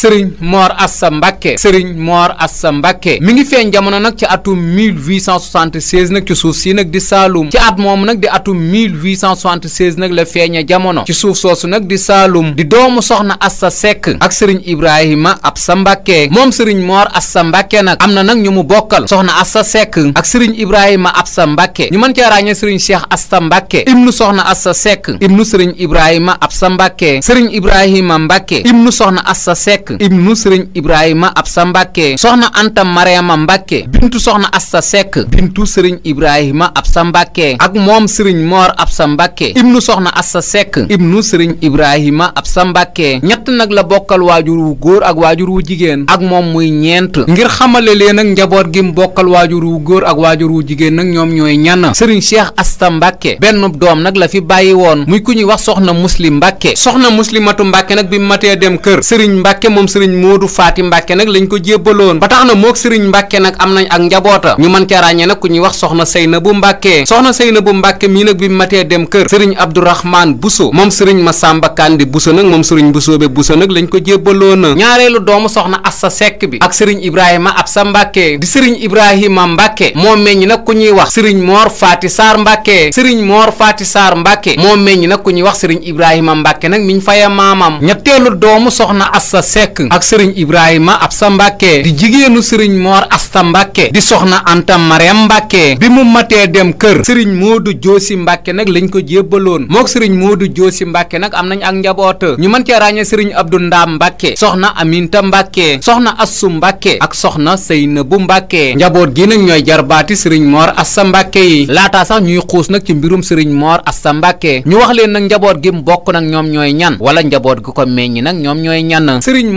sëriñ Mor Assa Mbacke sëriñ Mor Assa Mbacke mi ngi feeñ jamono nag ci atum 1876 nag ci suuf si nag di Saalum ci at moom nag di atum 1876 nag la feeña jamono ci suuf soosu nag di Saalum di doomu soxna sa Seck ak sëriñ Ibrahima sa Mbacke moom sëriñ Mor sa Mbacke nag am na nag ñu mu bokkal soxna Assa Seck ak sëriñ Ibrahima sa Mbacke ñu mën cee ràññee sëriñ Cheikh Assa Mbacke ibnu soxna Assa Seck ibnu sëriñ Ibrahima Absa Mbacke sëriñ Ibrahima Mbacke ibnu soxna Assa Seck sekk ibnu sëriñ ibrahima absa mbàkke soxna anta mariama mbàkke bintu soxna asta sekk bintu sëriñ ibrahima absa mbàkke ak moom sëriñ moor sa mbàkke ibnu soxna asta sekk ibnu sëriñ ibrahima sa mbàkke ñett nag la bokkal waajur wu góor ak waajur wu jigéen ak moom muy ñeent ngir xamale leen ak njaboot gi mu bokkal waajur wu góor ak waajur wu jigéen nag ñoom ñooy ñan sëriñ cheikh asta mbàkke benn doom nag la fi bàyyi woon muy ku ñuy wax soxna muslim soxna muslimatu mbàkke nag bi matee moom sëriñ Modou Faty Mbacke nag lañ ko jébbaloon ba tax na mook sëriñ Mbacke nag am nañ ak njaboota ñu mën ca ràññee nag ku ñuy wax soxna Seynabou Mbacke soxna Seynabou Mbacke mii nag bi matee dem kër sëriñ Abdourahmane Bousso moom sëriñ Massamba Kandi Bousso nag moom sëriñ Bousso be Bousso nag lañ ko jébbaloon ñaareelu doomu soxna Assa Seck bi ak sëriñ Ibrahima Absa Mbacke di sëriñ Ibrahima Mbacke moo meññ nag ku ñuy wax sëriñ Mor Faty Sarr Mbacke sëriñ Mor Faty Sarr Mbacke moo meññ nag ku ñuy wax sëriñ Ibrahima Mbacke nag miñ faya maamam ñetteelu doomu soxna Assa Seck Seck ak sëriñ Ibrahima Absa Mbàkke di jigéenu sëriñ Moor Asta Mbàkke di soxna Anta Mariam Mbàkke bi mu matee dem kër sëriñ Moodu Joosi Mbàkke nag lañ ko jébbaloon mook sëriñ Moodu Joosi Mbàkke nag am nañ ak njaboot ñu mën cee ràññee sëriñ Abdu Ndaam Mbàkke soxna Aminta Mbàkke soxna Assu Mbàkke ak soxna Seynabu Mbàkke njaboot gi nag ñooy jarbaati sëriñ Moor Asta Mbàkke yi laataa sax ñuy xuus nag ci mbirum sëriñ Moor Asta Mbàkke ñu wax leen nag njaboot gi bokk nag ñoom ñooy ñan wala njaboot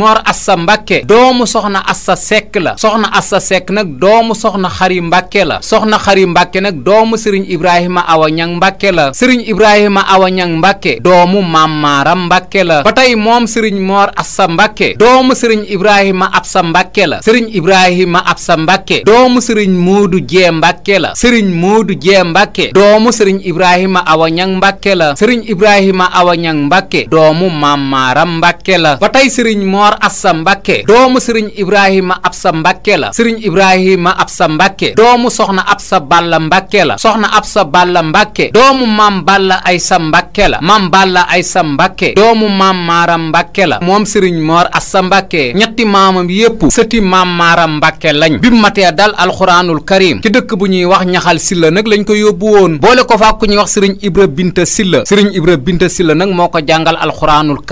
Mor Assa Mbacke doomu soxna Assa Seck la soxna Assa Seck nag doomu soxna Xari Mbacke la soxna Xari Mbacke nag doomu Serigne Ibrahima Awa Ñang Mbacke la Serigne Ibrahima Awa Ñang Mbacke doomu Maam Maaram Mbacke la ba tey moom Serigne Mor Assa Mbacke doomu Serigne Ibrahima Absa Mbacke la Serigne Ibrahima Absa Mbacke doomu Serigne Moodu Jee Mbacke la Serigne Moodu Jee Mbacke doomu Serigne Ibrahima Awa Ñang Mbacke la Serigne Ibrahima Awa Ñang Mbacke doomu Maam Maaram Mbacke la ba tey Serigne Mor Mor Absa Mbacke doomu sëriñ Ibrahima sa Mbacke la sëriñ Ibrahima sa Mbacke doomu soxna sa Balla Mbacke la soxna sa Balla Mbacke doomu maam Balla sa Mbacke la maam Balla Aysa Mbacke doomu maam Maara Mbacke la moom sëriñ Mor sa Mbacke ñetti maamam yépp sëti maam Maara Mbacke lañ bi mu matee dal alxuraanul karim ci dëkk bu ñuy wax ñaxal silla nag lañ ko yóbbu woon boole ko fa ñuy wax sëriñ Ibra Binta Silla sëriñ Ibra Binta Silla nag moo ko jàngal alxuraanul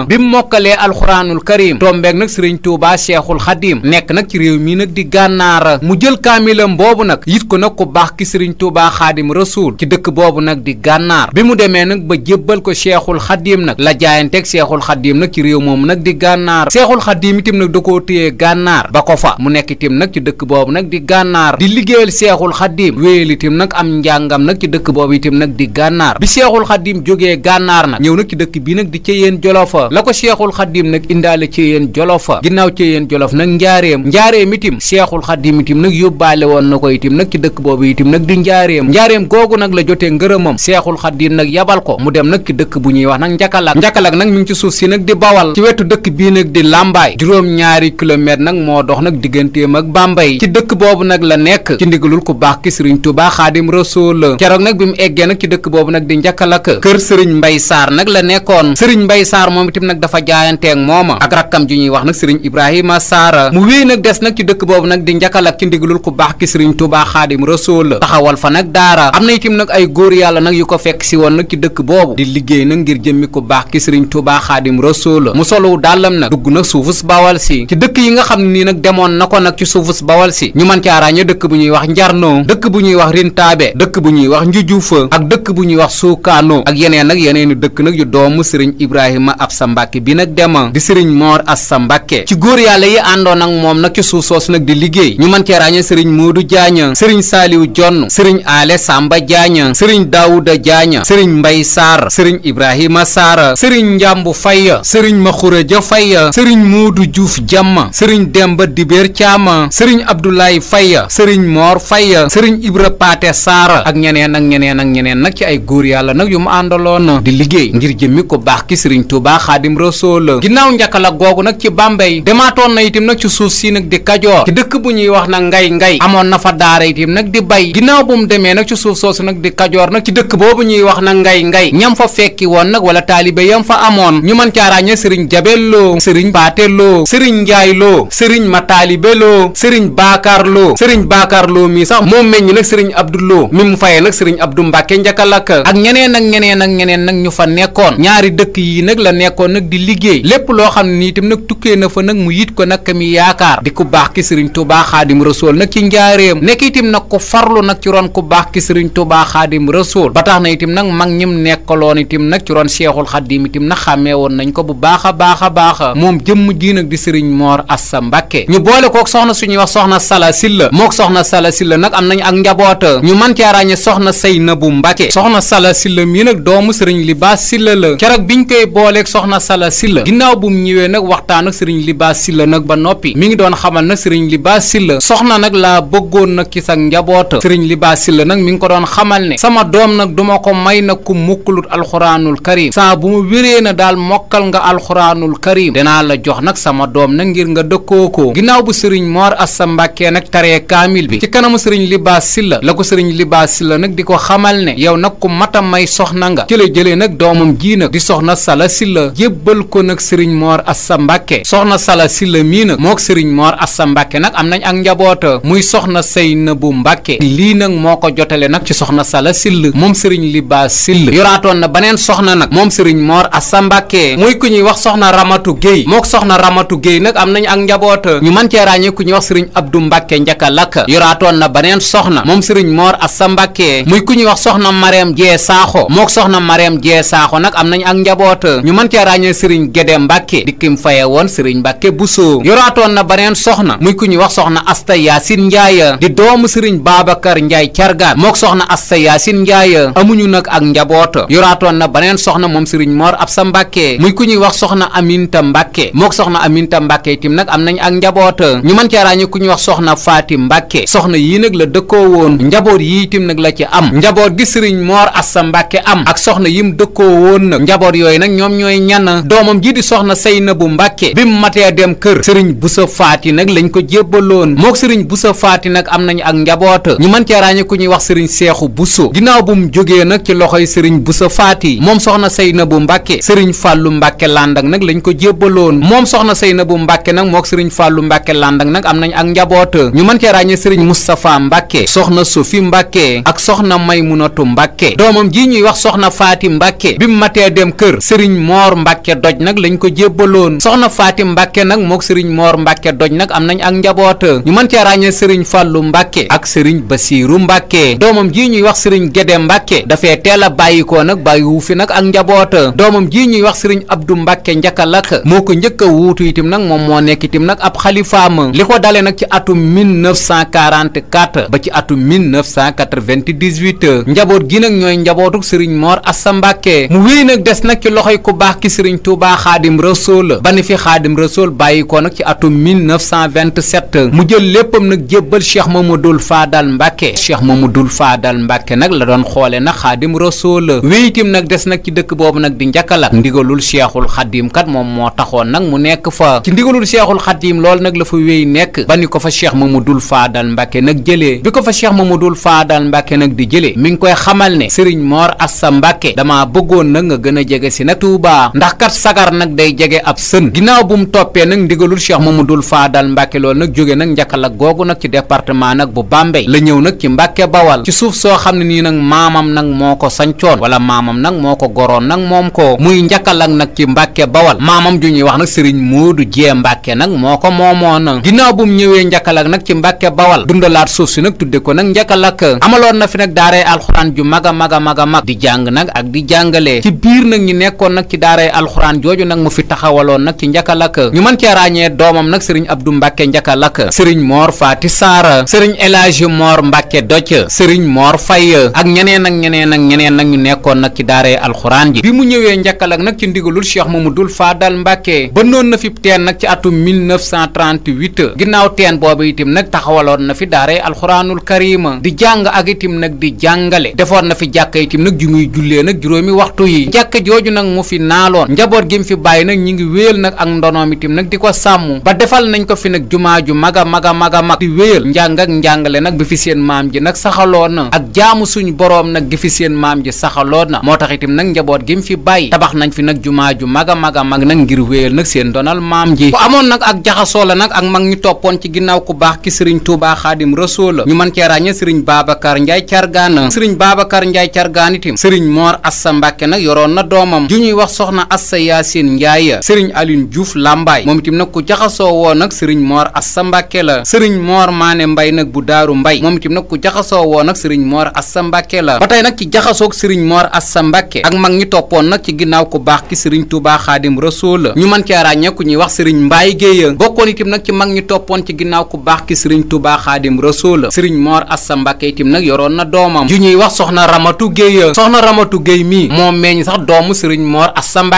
ma bi mu mokkalee alxuraanul karim tombeeg nag sëriñ Touba Cheikhul Xadim nekk nag ci réew mii nag di gànnaara mu jël kaamilam boobu nag yit ko nag ku baax ki sëriñ Touba Xaadim Rasuul ci dëkk boobu nag di gànnaar bi mu demee nag ba jébbal ko Cheikhul Xadim nag la jaayanteeg Cheikhul Xadim nag ci réew moomu nag di gànnaar Cheikhul Xadim itam nag da koo téye gànnaar ba ko fa mu nekk itim nag ci dëkk boobu nag di gànnaar di liggéeyal Cheikhul Xadim wéyal itam nag am njàngam nag ci dëkk boobu itam nag di gànnaar bi Cheikhul Xadim jógee gànnaar nag ñëw nag la ko Cheikhul Khadim nag indaale ci yéen jolofa ginnaaw ci yéen jolof nag njaareem njaareem itim Cheikhul Khadim itim nag yóbbaale woon na ko itim nag ci dëkk boobu itim nag di njaareem njaareem googu nag la jotee ngërëmam Cheikhul Khadim nag yabal ko mu dem nag dëkk bu ñuy wax nag njakalak njakalak nag mi ci suuf si nag di bawal ci wetu dëkk bii nag di làmbaay juróom-ñaari kilomètre nag moo dox nag digganteem ak Bambey ci dëkk boobu nag la nekk ci ndigalul ku baax ki Sëriñ Tuubaa Xaadim Rasuul keroog nag bi mu eggee nag ci dëkk boobu nag di njakalak kër Sëriñ Mbay Saar nag la nekkoon Sëriñ Mbay Saar moom moom nag dafa jaayanteeg mooma ak rakkam ji ñuy wax nag sëriñ Ibrahima Saara mu wéy nag des nag ci dëkk boobu nag di njakal ak ci ndigalul ku baax ki sëriñ Tuubaa Xaadim Rasuul taxawal fa nag daara am na itam nag ay góor yàlla nag yu ko fekk si woon nag ci dëkk boobu di liggéey nag ngir jëmmi ku baax ki sëriñ Tuubaa Xaadim Rasuul mu solowu dàllam nag dugg nag suufus bawal si ci dëkk yi nga xam ne nii nag demoon na ko nag ci suufus bawal si ñu mën caa ràññee dëkk bu ñuy wax njarnoo dëkk bu ñuy wax rintaabe dëkk bu ñuy wax njujufa ak dëkk bu ñuy wax suukaanoo ak yeneen nag yeneeni dëkk nag yu doomu sëriñ Ibrahima ab Mbàkke bi nag dema di sëriñ Moor Asta Mbàkke ci góor yàlla yi àndoon ak moom nag ci suuf soosu nag di liggéey ñu mën cee ràññee sëriñ Moodu Jaaña sëriñ Saaliw Jonn sëriñ Ale Samba Jaaña sëriñ Daawuda Jaaña sëriñ Mbay Saar sëriñ Ibrahima Saara sëriñ Njàmbu Fayya sëriñ Maxureja Fayya sëriñ Moodu Juuf Jamma sëriñ Demba Dibéer Caama sëriñ Abdoulaye Fayya sëriñ Moor Fayya sëriñ Ibra Paate Saara ak ñeneen ak ñeneen ak ñeneen nag ci ay góor yàlla nag yu mu àndaloon di xaadim rasool ginnaaw njakkala googu nag ci bambey demaatoon na itam nag ci suuf si nag di kajoor ci dëkk bu ñuy wax nag ngay ngay na fa daara itam nag di bay ginnaaw bu mu demee nag ci suuf soosu nag di kajoor nag ci dëkk boobu ñuy wax nag ngay ngay ñam fa fekki woon nag wala taalibe yam fa amoon ñu mën caa ràññee sëriñ jabelloo sëriñ paateloo sëriñ njaayloo sëriñ mataalibeloo sëriñ baakarloo sëriñ baakarloo mii sax moom meññ nag sëriñ abduloo mi mu fayee nag sëriñ abdu mbàkke njakkalak ak ñeneen ak ñeneen ak ñeneen nag ñu fa nekkoon ñaari dëkk yi nag la nekkoon nekkoon nag di liggéey lépp loo xam ne nii itam nag tukkee na fa nag mu yit ko nag ka mi yaakaar di ku baax ki sëriñ Tuubaa Xaadim Rasuul nag ci njaareem nekk itam nag ku farlu nag ci roon ku baax ki sëriñ Tuubaa Xaadim Rasuul ba tax na itam nag mag ñim nekkaloon itam nag ci roon Seexul Xaadim itam nag xàmmee woon nañ ko bu baax a baax a baax moom jëmm ji nag di sëriñ Moor Assa Mbàkke ñu boole kook soxna suñuy wax soxna Sala Silla mook soxna Sala Silla nag am nañu ak njaboota ñu man caa ràññee soxna Seynabu Mbàkke soxna Sala Silla mi nag doomu sëriñ Libaas Silla la keroog biñ koy Sala Sylla ginnaaw bu mu ñëwee nag waxtaan ak sëriñ Libaas Sylla nag ba noppi mi ngi doon xamal nag sëriñ Libaas Sylla soxna nag laa bëggoon nag ci sa njaboota sëriñ Libaas Sylla nag mi ngi ko doon xamal ne sama doom nag duma ko may nag ku mukkulut alxuraanul karim saa bu mu wéree na daal mokkal nga alxuraanul karim dinaa la jox nag sama doom nag ngir nga dëkkoo ko ginnaaw bu sëriñ Mor sa Mbàkke nag taree kaamil bi ci kanamu sëriñ Libaas Sylla la ko sëriñ Libaas Sylla la jëlee nag jébbal ko nag sëriñ Mor Assa Mbàkke soxna Sala Sylla mii nag mook sëriñ Mor Assa Mbàkke nag am nañ ak njaboota muy soxna Seynabu Mbàkke lii nag moo ko jotale nag ci soxna Sala Sylla moom sëriñ Libaas Sylla yoraatoon na baneen soxna nag moom sëriñ Mor Assa Mbàkke muy ku ñuy wax soxna Ramatu Géey mook soxna Ramatu Géey nag am nañ ak njaboota ñu mën cee ràññee ku ñuy wax sëriñ Abdu Mbàkke Njaka Lakka yoraatoon na baneen soxna moom sëriñ Mor Assa Mbàkke muy ku ñuy wax soxna Mareem Jee Saaxo mook soxna Mareem Jee Saaxo nag am nañ ak njaboota ràññee sëriñ Gédé Mbàkke di kim faye woon sëriñ Mbàkke Buso yoraatoon na baneen soxna muy ku ñuy wax soxna Asta Yaasin Njaay di doomu sëriñ Babacar Njaay Cargaat mook soxna Asta Yaasin Njaay amuñu nag ak njaboot yoraatoon na baneen soxna moom sëriñ Mor Absa Mbàkke muy ku ñuy wax soxna Aminta Mbàkke mook soxna Aminta Mbàkke itam nag am nañ ak njaboot ñu mën cee ràññee ku ñuy wax soxna Faati Mbàkke soxna yii nag la dëkkoo woon njaboot yii itam nag la ci am njaboot gi sëriñ Mor Absa Mbàkke am ak soxna yim dëkkoo woon nag njaboot yooyu nag ñoom ñooy ñan na doomam ji di soxna Seynabu Mbàkke bi mu matee dem kër sëriñ Buso Faati nag lañ ko jébbaloon mook sëriñ Buso Faati nag am nañu ak njaboota ñu man cee ràññee ku ñuy wax sëriñ Seexu Buso ginnaaw bu mu jógee nag ci loxoy sëriñ Buso Faati moom soxna Seynabu Mbàkke sëriñ Fàllu Mbàkke Landak nag lañ ko jébbaloon moom soxna Seynabu Mbàkke nag mook sëriñ Fàllu Mbàkke Landak nag am nañu ak njaboota ñu mën cee ràññee sëriñ Moustapha Mbàkke soxna Sofi Mbàkke soxna Maymunatu Mbàkke doomam ji ñuy wax soxna Faati Mbàkke bi mu matee dem kër sëriñ Moor Mbàkke Mbacke doj nag lañ ko jébbaloon soxna Faati Mbacke nag mook sëriñ Moor Mbacke doj nag am nañ ak njaboot ñu man cee ràññee sëriñ Fàllu Mbacke ak sëriñ Basiiru Mbacke doomam ji ñuy wax sëriñ Gédé Mbacke dafee teel a bàyyikoo nag bàyyi wu fi nag ak njaboot doomam jii ñuy wax sëriñ ab Abdu Mbacke Njakalak moo ko njëkk a wuutu itam nag moom moo nekk itam nag ab xalifaam li ko dalee nag ci atum 1944 ba ci atum 1998 njaboot gi nag ñooy njabootuk sëriñ Moor Assa Mbacke mu wéy nag des sëriñ Touba xaadim rasool ba ni fi xaadim rasool bàyyi ko nag ci atum 1927 mu jël léppam nag jébbal cheikh Mamadul Faadal Mbàkke Faadal Mbàkke nag la doon xoole nag xaadim rasool wéyitim nag des nag ci dëkk boobu nag di njakkalak ndigalul cheikhul xadim kat moom moo taxoon nag mu nekk fa ci ndigalul cheikhul xadim loolu nag la fa wéy nekk ba ni ko fa ma cheikh Mamadul Faadal Mbàkke nag jëlee bi ko fa cheikh Mamadul Faadal Mbàkke nag di jëlee mi ngi koy xamal ne sëriñ Mor Assa Mbàkke dama bëggoon nag nga gën a jege si nag Touba ndax ndax kat sagar nag day jege ab sën ginnaaw bu mu toppee nag ndigalul cheikh mamadul faadal mbàkke lool nag jóge nag njakkal ak googu nag ci département nag bu Bambey la ñëw nag ci mbàkke bawal ci suuf soo xam ne nii nag maamam nag moo ko sancoon wala maamam nag moo ko goroon nag moom ko muy njakkalak nag ci mbàkke bawal maamam ju ñuy wax nag sëriñ du jee mbàkke nag moo ko moomoon ginnaaw bu mu ñëwee njakkal nag ci mbàkke bawal dundalaat suuf si nag tudde ko nag njakkal amaloon na fi nag daaray alxuraan ju mag mag a mag a mag di jàng nag ak di alxuraan jooju nag mu fi taxawaloon nag ci njakalak ñu mën cee ràññee doomam nag sëriñ abdu mbàkke njakalak sëriñ moor faati sëriñ elaaji moor mbàkke doj sëriñ moor ak ñeneen ak ñeneen ak ñeneen nag ñu nekkoon nag ci daaree alxuraan ji bi mu ñëwee njakalak nag ci ndigalul cheikh mamadul faadal mbàkke bënnoon na fi teen nag ci atum 1938 ginnaaw teen boobu itim nag taxawaloon na fi daaree alxuraanul karima di jàng ak itim nag di jàngale defoon na fi jàkka itim nag ju muy jullee nag juróomi waxtu njaboot gi mu fi bàyyi nag ñi ngi wéyal nag ak ndonoom itam nag di ko sàmm ba defal nañ ko fi nag jumaa ju mag a mag a mag a mag di wéyal njàng ak njàngale nag bi fi seen maam ji nag saxaloon na ak jaamu suñu boroom nag gi fi seen maam ji saxaloo na moo tax itim nag njaboot gi mu fi bàyyi tabax nañ fi nag jumaa ju mag a mag a mag nag ngir wéyal nag seen ndonal maam ji ku amoon nag ak jaxasoole nag ak mag ñu toppoon ci ginnaaw ku baax ki sëriñ Tuubaa Xaadim Rasuul la ñu mën cee ràññee sëriñ Babacar Njaay Cargaan sëriñ Babacar sëriñ Moor Assa Mbàkke nag yoroon na doomam ju ñuy wax Assa Yacine Ndiaye sëriñ Alioune Diouf Lambaye moom itam nag ku jaxasoo woon nag sëriñ Mor Assa Mbacke la sëriñ Mor Mané Mbaye nag bu Daaru Mbaye moom itam nag ku jaxasoo woon la ba tey nag ci jaxasoog sëriñ Mor Assa ak mag ñi toppoon nag ci ginnaaw ku baax ki sëriñ Touba Xaadim Rasuul la ñu man cee ràññee ku ñuy wax sëriñ Mbaye Guèye bokkoon itam nag ci mag ñi toppoon ci ginnaaw ku baax ki sëriñ Touba Xaadim Rasuul la sëriñ Mor Assa Mbacke itam nag yoroon na doomam ju ñuy wax soxna Ramatu Guèye soxna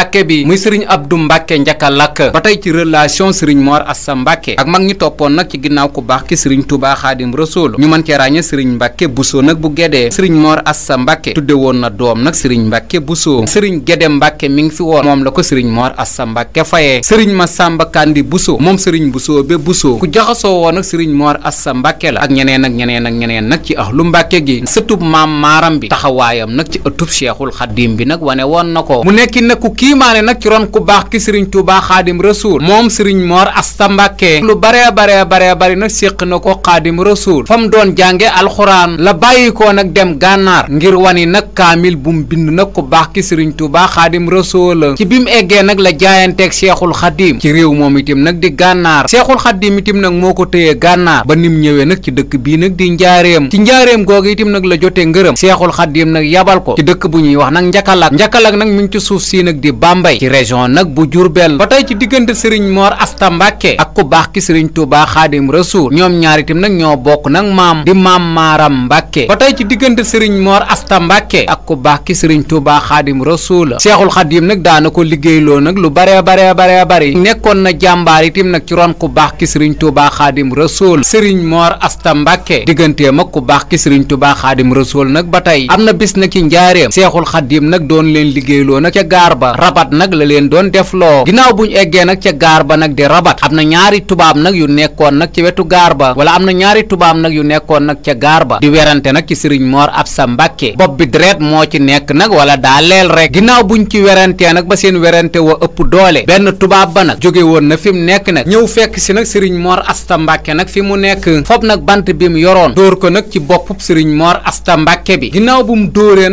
mbàkke bi muy sëriñ abdu mbàkke njaka lakk ba tey ci relation sëriñ moor asta mbàkke ak mag ñi toppoon nag ci ginnaaw ku baax ki sëriñ tubaa xaadim rasul ñu mën cee ràññe sëriñ mbàkke buso nag bu gédee sëriñ moor as mbàkke tudde woon na doom nag sëriñ mbàkke buso sëriñ géde mbàkke mi ngi fi woon moom la ko sëriñ moor asta mbàkke fayee sëriñ ma sàmba kandi buso moom sëriñ buso be buso ku jaxasoo woon nag sëriñ moor asta mbàkke la ak ñeneen ak ñeneen ak ñeneen nag ci ahlu mbàkke gi sëtub maam maaram bi taxawaayam nag ci ëttub cheikhul xadim bi nag wane woon na ko mu nekki nag ku kii limaane nag ci ron ku baax ki sëriñ Tuubaa xaadim rasuul moom sëriñ Mor Asta Mbàkke lu baree baree baree bari nag séq na ko xaadim rasuul fa mu doon jànge alxuraan la bàyyi ko nag dem gànnaar ngir wani nag kaamil bu mu bind nag ku baax ki sëriñ Tuubaa xaadim rasuul ci bi mu eggee nag la jaayanteeg seexul xadim ci réew moom itam nag di gànnaar seexul xadim itam nag moo ko téye gànnaar ba nim ñëwee nag ci dëkk bii nag di njaareem ci njaareem googu itam nag la jotee ngërëm seexul xadim nag yabal ko ci dëkk bu ñuy wax nag njakalak njakalak nag mi ngi ci suuf si nag Bambey ci région nag bu Diourbel ba tey ci diggante Serigne Mor Asta Mbacke ak ku baax ki Serigne Touba Xaadim Rasuul ñoom ñaar itam nag ñoo bokk nag maam di maam Maaram Mbacke ba tey ci diggante Serigne Mor Asta ak ku baax ki Serigne Touba Xaadim Rasuul Seexul Xaadim nag daana ko liggéeyloo nag lu baree baree bari nekkoon na jàmbaar itam nag ci ron ku baax ki Serigne Touba Xaadim Rasuul Serigne Mor Asta Mbacke digganteem ak ku baax ki Serigne Touba Xaadim Rasuul nag ba tey am na bis nag ci njaareem Seexul Xaadim nag doon leen liggéeyloo nag ca gaar ba rabat nag la leen doon defloo ginnaaw bu ñu eggee nag ca gaar ba nag di rabat am na ñaari tubaab yu nekkoon nag ci wetu gaar ba wala am na ñaari tubaab nag yu nekkoon nag gaar ba di werante nag ci sëriñ moor absa mbàkke bopp bi deret moo ci nekk nag wala daa leel rek ginnaaw buñ ci werantee nag ba seen werante wa ëpp doole benn tubaab ba nag jóge woon na fi mu nekk nag ñëw fekk si nag sëriñ moor asta mbàkke nag fi mu nekk fob nag bant bi mu yoroon dóor ko nag ci boppub sëriñ moor asta mbàkke bi ginnaaw bu mu dóoree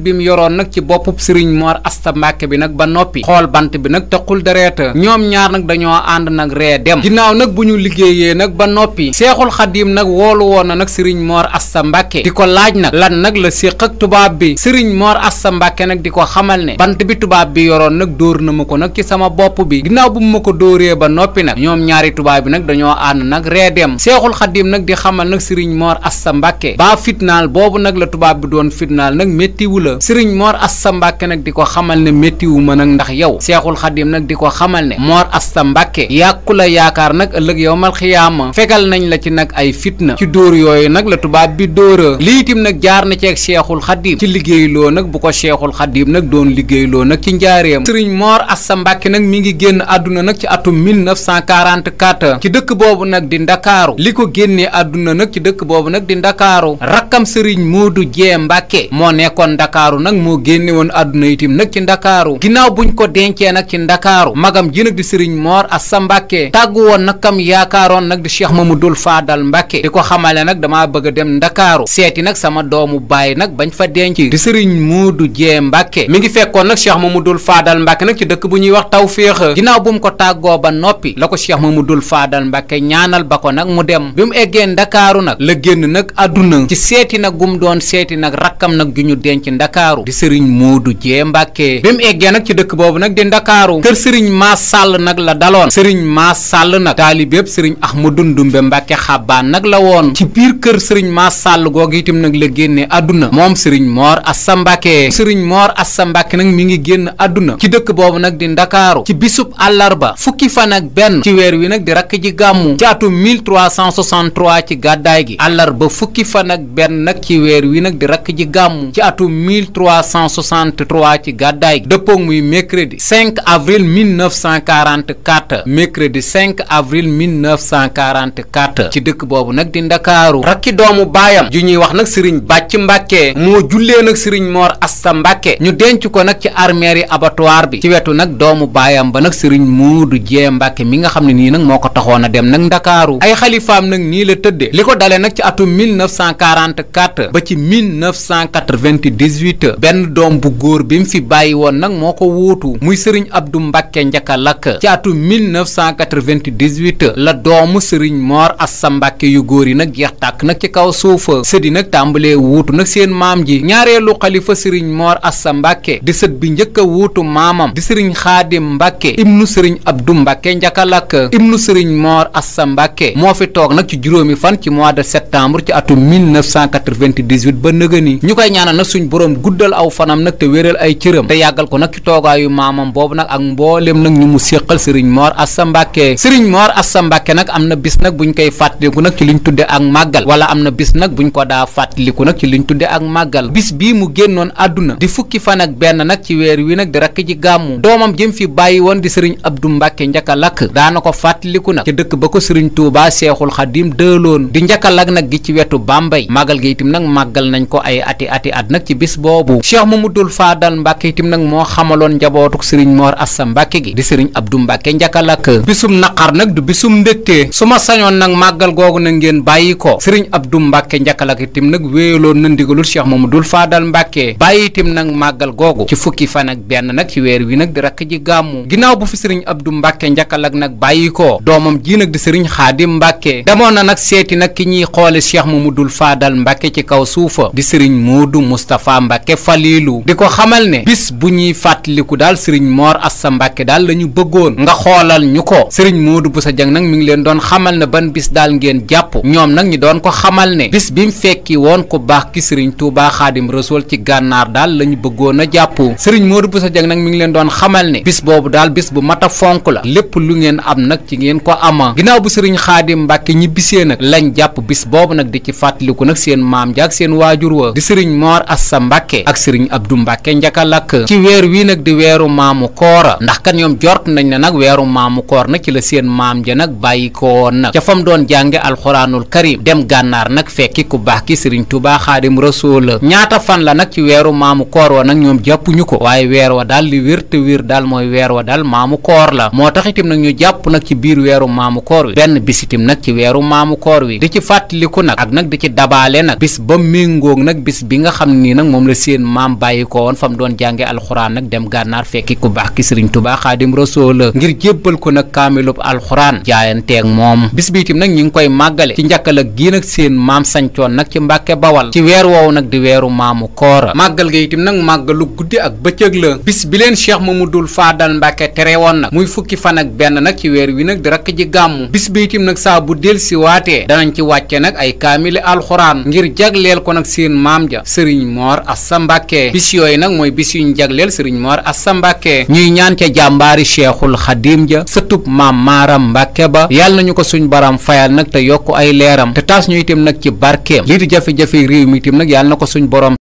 bi mu yoroon nag ci boppub sëriñ moor asta mbàkke bi nag ba noppi xool bant bi nag taqul dereeta ñoom dañoo ànd nag ree dem ginnaaw nag bu ñu liggéeyee nag ba noppi seexul xadim nag woolu woon na nag sëriñ moor asta mbàkke di ko laaj nag lan nag la séq ak tubaab bi sëriñ moor asta mbàkke nag di ko xamal ne bant bi tubaab bi yoroon nag dóor na ko nag sama bopp bi ginnaaw bu ma ko dóoree ba noppi nag ñoom ñaari tubaab bi nag dañoo ànd nag ree dem seexul xadim nag di xamal nag sëriñ moor asta mbàkke baa fitnaal boobu nag la tubaab bi doon fitnaal nag méttiwu la sëriñ moor asta mbàkke nag di ko xamal ne méttiwu nag ndax yow seexul xadim nag di ko xamal ne Mor Asta mbàkke yàqu la yaakaar nag ëllëg yowmal xiyaama fegal nañ la ci nag ay fitna ci dóor yooyu nag la tubaab bi dóora lii itam nag jaar na ceeg seexul xadim ci liggéeyloo nag bu ko seexul xadim nag doon liggéeyloo nag ci njaareem sëriñ moor sa mbàkke nag mi ngi génn àdduna nag ci atum 1944 ci dëkk boobu nag di ndakaaru li ko génnee àdduna nag ci dëkk boobu nag di ndakaaru rakkam sëriñ moo du jee mbàkke moo nekkoon ndakaaru nag moo génnewoon woon àdduna itim nag ci ndakaaru ginnaaw buñ Asta Mbàkke tàggu woon nag kam yaakaaroon nag di mu dul Faadal Mbàkke di ko xamale nag damaa bëgg a dem ndakaaru seeti nag sama doomu baay nag bañ fa denc di sëriñ Muudu Jee Mbàkke mi ngi fekkoon nag Cheikh Mamadul Faadal Mbàkke nag ci dëkk bu ñuy wax Tawféex ginnaaw bu mu ko tàggoo ba noppi la ko Cheikh Mamadul Faadal Mbàkke ñaanal ba ko nag mu dem bi mu eggee ndakaaru nag la génn nag àdduna ci seeti nag gum doon seeti nag rakkam nag ju ñu denc ndakaaru di sëriñ Muudu Jee Mbàkke bi mu eggee nag ci dëkk boobu nag di ndakaaru kër sëriñ Maas Sàll nag la daloon xabaan sëriñ maas sàll nag taalibépp sëriñ Ahmadu Ndumbe Mbàkke xabaan nag la woon ci biir kër sëriñ maas sàll googu itam nag la génne àdduna moom sëriñ moor Asta Mbàkke sëriñ moor Asta Mbàkke nag mi ngi génn àdduna ci dëkk boobu nag di ndakaaru ci bisub àllarba fukki fan ak benn ci weer wi nag di rakk ji gàmmu ci atum ci gàddaay gi àllarba fukki fan ak benn nag ci weer wi nag di rakk ji gàmmu ci atum 1363 ci gàddaay gi dëppoog muy mercredi 5 avril 1944 la mercredi 5 avril 1944 ci dëkk boobu nag di ndakaaru rakki doomu baayam ju ñuy wax nag sëriñ bàcc mbàkke moo jullee nag sëriñ moor asta mbàkke ñu denc ko nag ci armeeri yi bi ci wetu nag doomu baayam ba nag sëriñ muudu jee mbàkke mi nga xam ne nii nag moo ko taxoon a dem nag ndakaaru ay xalifaam nag nii la tëdde li ko dalee nag ci atum 1944 ba ci 1998 benn doom bu góor bi mu fi bàyyi woon nag moo ko wuutu muy sëriñ abdu mbàkke njakalakk ci atum 1998 la doomu sëriñ Mor Assa Mbàkke yu góor yi nag jeex tàkk nag ci kaw suufa sët yi nag tàmbalee wuutu nag seen maam ji ñaareelu xalifa sëriñ Mor Assa Mbàkke di sët bi njëkk a wuutu maamam di sëriñ Xaadim Mbàkke ibnu sëriñ Abdu Mbàkke njakalak ibnu sëriñ Mor Assa Mbàkke moo fi toog nag ci juróomi fan ci mois de septembre ci atum 1998 ba nëgëni ñu koy ñaanal nag suñ boroom guddal aw fanam nag te wéral ay cëram te yàggal ko nag ci toogaayu maamam boobu Asta Mbàkke Sëriñ Moor Asta Mbàkke nag am na bis nag ñu koy fàttaliku nag ci ñu tudde ak màggal wala am na bis nag ñu ko daa fàttaliku nag ci lu ñu tudde ak màggal bis bii mu génnoon àdduna di fukki fan ak benn nag ci weer wi nag di rakk ci gàmmu doomam jëm fi bàyyi woon di Sëriñ Abdu Mbàkke njaka lakk daana ko fàttaliku nag ci dëkk ba ko Sëriñ Tuubaa Seexul Xadim dëeloon di njaka lakk nag gi ci wetu Bambey màggal gi itam nag màggal nañ ko ay ati ati at nag ci bis boobu Cheikh Mamadul Faadal Mbàkke itam nag moo xamaloon njabootuk Sëriñ Moor Asta Mbàkke gi di Sëriñ Abdu Mbàkke njaka lakk bisum naqar nag du bisum mbégte su ma sañoon nag màggal googu nag ngeen bàyyi ko sëriñ Abdu Mbàkke njakkalak itim nag wéeyaloon na ndigalul Cheikh dul Faadal Mbàkke bàyyi itim nag màggal googu ci fukki fan ak benn nag ci weer wi nag di rakk ji gàmmu ginnaaw bu fi ab du Mbàkke njakkalak nag bàyyi ko doomam ji nag di sëriñ Xaadim Mbàkke demoon na nag seeti nag ki ñuy xoole mu dul Faadal Mbàkke ci kaw suufa di sëriñ Moodu Mustapha Mbàkke Faliilu di ko xamal ne bu ñuy fàttaliku daal sëriñ Moor Assa Mbàkke daal la defal ñu ko sëriñ Modou Boussa Dieng nag mi ngi leen doon xamal ne ban bis daal ngeen jàpp ñoom nag ñu doon ko xamal ne bis bi mu fekki woon ko baax ki sëriñ Touba Xaadim Rasuul ci gànnaar daal la ñu a jàpp sëriñ Modou Boussa Dieng nag mi ngi leen doon xamal ne bis boobu daal bis bu mat a fonk la lépp lu ngeen am nag ci ngeen ko ama ginnaaw bu sëriñ Xaadim Mbàkke ñibbisee nag lañ jàpp bis boobu nag di ci fàttaliku nag seen maam ja ak seen waajur wa di sëriñ Mor Assa Mbàkke ak sëriñ Abdou Mbàkke Njakalakk ci weer wii nag di weeru maamu koora ndax kan ñoom maamu koor nag ci la maam ja nag bàyyi ko woon nag ca fam doon jànge alxuraanul karim dem gànnaar nag fekki ku baax ki sëriñ tubaa xaadim rasool la ñaata fan la nag ci weeru maamu koor wa nag ñoom jàppuñu ko waaye weer wa daal li wér te daal mooy weer wa daal maamu koor la moo tax itam nag ñu jàpp nag ci biir weeru maamu koor wi benn bis nag ci weeru maamu koor wi di ci fàttaliku nag ak nag di ci dabaale nag bis ba méngoog nag bis bi nga xam ni nag moom la seen maam bàyyi ko woon fam doon jànge alxuraan nag dem gànnaar fekki ku baax ki sëriñ tubaa xaadim rasool ngir jépp jébbal ko nag kaamilub alxuraan jaayanteeg moom bis bi itam nag ñi ngi koy màggale ci njàkkal ak gii nag seen maam sancoon nag ci mbàkke bawal ci weer woowu nag di weeru maamu koora màggal ga itam nag màggalu guddi ak bëccëg la bis bi leen cheikh mamadul faadal mbàkke tere woon nag muy fukki fan ak benn nag ci weer wi nag di rakk ji gàmmu bis bi itam nag saa bu del si waatee danañ ci wàcce nag ay kaamili alxuraan ngir jagleel ko nag seen maam ja sëriñ moor assa mbàkke bis yooyu nag mooy bis yuñ jagleel sëriñ moor assa mbàkke ñuy ñaan ca jàmbaari cheikhul xadim ja ja sëtub maam maaram mbàkke ba yàlla ñu ko suñ baram fayal nag te yokk ay leeram te taas ñu itam nag ci barkeem lii di jafe-jafe réew mi itam nag yàlla na ko suñ borom